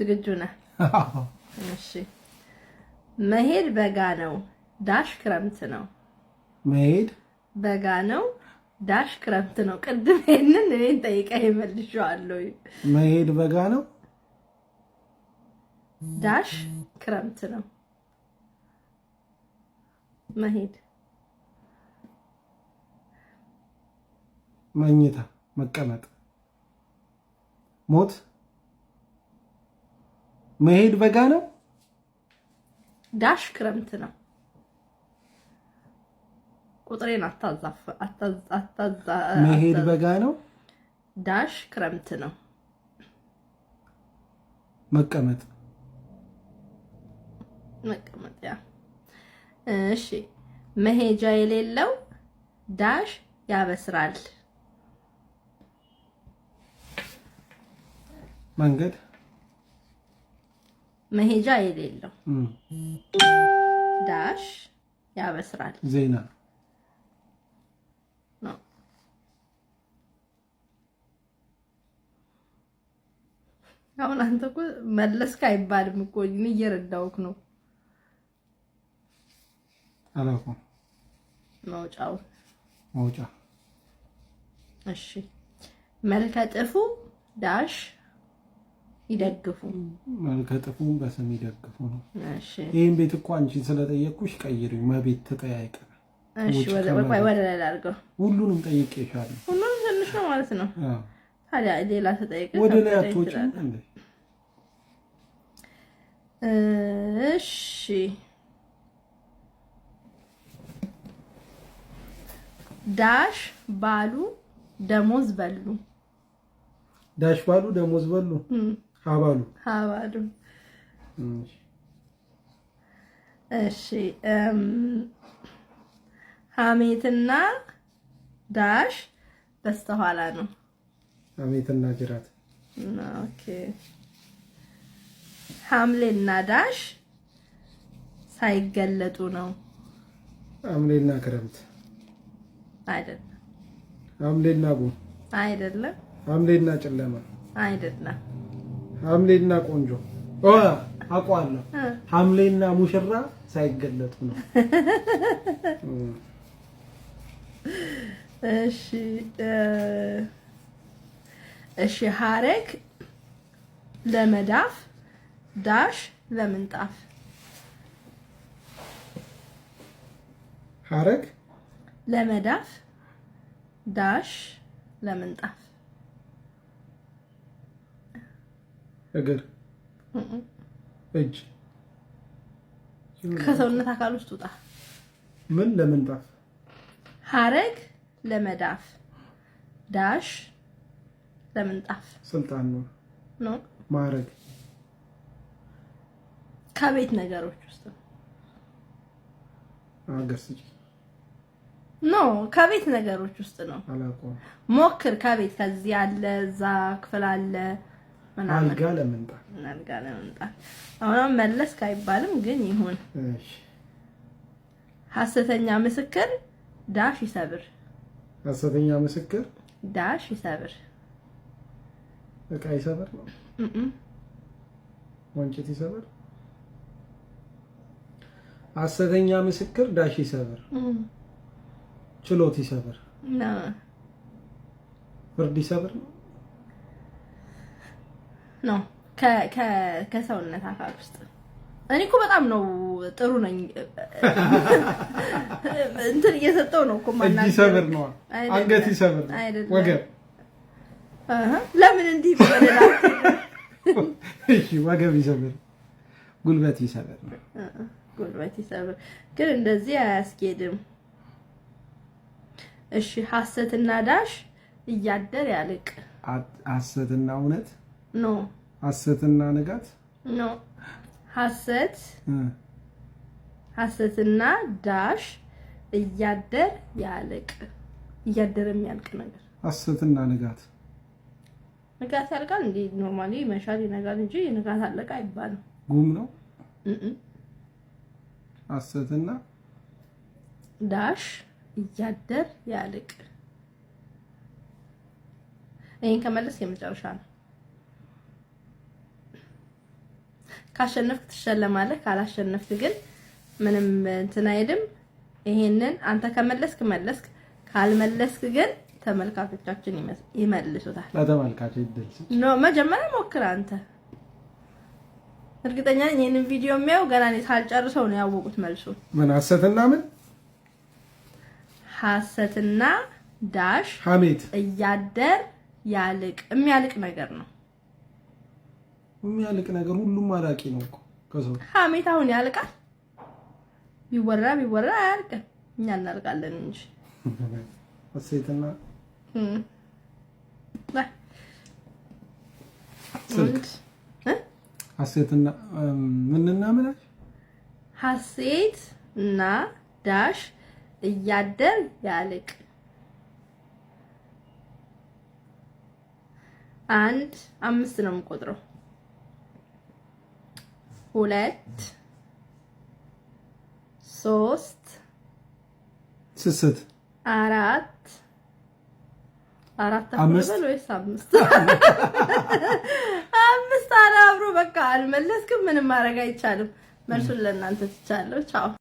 ዝግጁ ነህ? እሺ። መሄድ በጋ ነው ዳሽ ክረምት ነው። መሄድ በጋ ነው ዳሽ ክረምት ነው። ቅድም ይሄንን እኔን ጠይቀህ መልሼዋለሁ። መሄድ በጋ ነው ዳሽ ክረምት ነው። መሄድ መኝታ፣ መቀመጥ፣ ሞት መሄድ በጋ ነው ዳሽ ክረምት ነው። ቁጥሬን አታዛፍ አታዛ መሄድ በጋ ነው ዳሽ ክረምት ነው። መቀመጥ መቀመጥ ያ እሺ። መሄጃ የሌለው ዳሽ ያበስራል መንገድ መሄጃ የሌለው ዳሽ ያበስራል ዜና አሁን አንተ እኮ መለስክ አይባልም እኮ እኔ እየረዳውክ ነው። አላውቀውም። መውጫው መውጫ። እሺ መልከ ጥፉ ዳሽ ይደግፉ መልከጥፉም በስም ይደግፉ ነው። እሺ፣ ይሄን ቤት እኮ አንቺን ስለጠየቅኩሽ ቀይሪው መቤት ተጠያይቀ እሺ፣ ወደ ወደ ሁሉንም ጠይቄሻለሁ። ሁሉንም ትንሽ ነው ማለት ነው። ታዲያ ሌላ ተጠይቅ ወደ ላይ አትወጪ። እሺ ዳሽ ባሉ ደሞዝ በሉ ዳሽ ባሉ ደሞዝ በሉ ሀባሉ ሀባሉ። እሺ ሀሜትና ዳሽ በስተኋላ ነው። ሀሜትና ጅራት። ሐምሌና ዳሽ ሳይገለጡ ነው። ሐምሌና ክረምት አይደለም። ሐምሌና ቡን አይደለም። ሐምሌና ጨለማ አይደለም። ሐምሌና ቆንጆ አውቀዋለሁ። ሐምሌና ሙሽራ ሳይገለጡ ነው። እሺ እሺ። ሀረግ ለመዳፍ ዳሽ ለምንጣፍ ሀረግ ለመዳፍ ዳሽ ለምንጣፍ እግር፣ እጅ ከሰውነት አካል ውስጥ ውጣ። ምን ለምንጣፍ፣ ሀረግ ለመዳፍ፣ ዳሽ ለምንጣፍ፣ ስልጣን ነው ነው ማረግ ከቤት ነገሮች ውስጥ አገር ስጪ ኖ ከቤት ነገሮች ውስጥ ነው። ሞክር። ከቤት ከዚህ አለ፣ እዛ ክፍል አለ አልጋ ለምንጣፍ አልጋ ለምንጣፍ አሁንም መለስክ አይባልም ግን ይሁን። ሐሰተኛ ምስክር ዳሽ ይሰብር። ሐሰተኛ ምስክር ዳሽ ይሰብር። እቃ ይሰብር ነው። ወንጭት ይሰብር። ሐሰተኛ ምስክር ዳሽ ይሰብር። ችሎት ይሰብር። ፍርድ ይሰብር ነው። ነው ከሰውነት አካል ውስጥ እኔ እኮ በጣም ነው ጥሩ ነኝ። እንትን እየሰጠው ነው እኮ ማናገር ይሰብር ነው አንገት ይሰብር ነው ወገብ ለምን እንዲህ ይበላል? እሺ ወገብ ይሰብር፣ ጉልበት ይሰብር፣ ጉልበት ይሰብር፣ ግን እንደዚህ አያስኬድም። እሺ ሐሰትና ዳሽ እያደር ያልቅ ሐሰትና እውነት ኖ ሐሰትና ንጋት ኖ ሐሰት ሐሰትና ዳሽ እያደር ያልቅ እያደር የሚያልቅ ነገር ሐሰትና ንጋት ንጋት ያልቃል እንዴ? ኖርማሊ መሻል ይነጋል እንጂ ንጋት አለቀ አይባልም። ጉም ነው። ሐሰትና ዳሽ እያደር ያልቅ። ይህን ከመለስ የመጨረሻ ነው። ካሸነፍክ ትሸለማለህ፣ ካላሸነፍክ ግን ምንም እንትን አይልም። ይሄንን አንተ ከመለስክ መለስክ፣ ካልመለስክ ግን ተመልካቾቻችን ይመልሱታል። ለተመልካቾ ኖ መጀመሪያ ሞክር አንተ። እርግጠኛ ነኝ ይሄንን ቪዲዮ የሚያው ገና እኔ ሳልጨርሰው ነው ያወቁት መልሱ። ምን ሀሰትና ምን ሀሰትና ዳሽ ሀሜት እያደር ያልቅ የሚያልቅ ነገር ነው። የሚያልቅ ነገር ሁሉም አላቂ ነው እኮ ከሰው ሀሜት አሁን ያልቃል። ቢወራ ቢወራ አያልቅም። እኛ እናልቃለን እንጂ እሴትና ሀሴትና ምንና ምን ሀሴት እና ዳሽ እያደር ያልቅ አንድ አምስት ነው የምቆጥረው። ሁለት ሶስት ስስት አራት አራት አምስት ወይስ አምስት አምስት አብሮ በቃ አልመለስክም። ምንም ማድረግ አይቻልም። መልሱን ለእናንተ ትቻለሁ። ቻው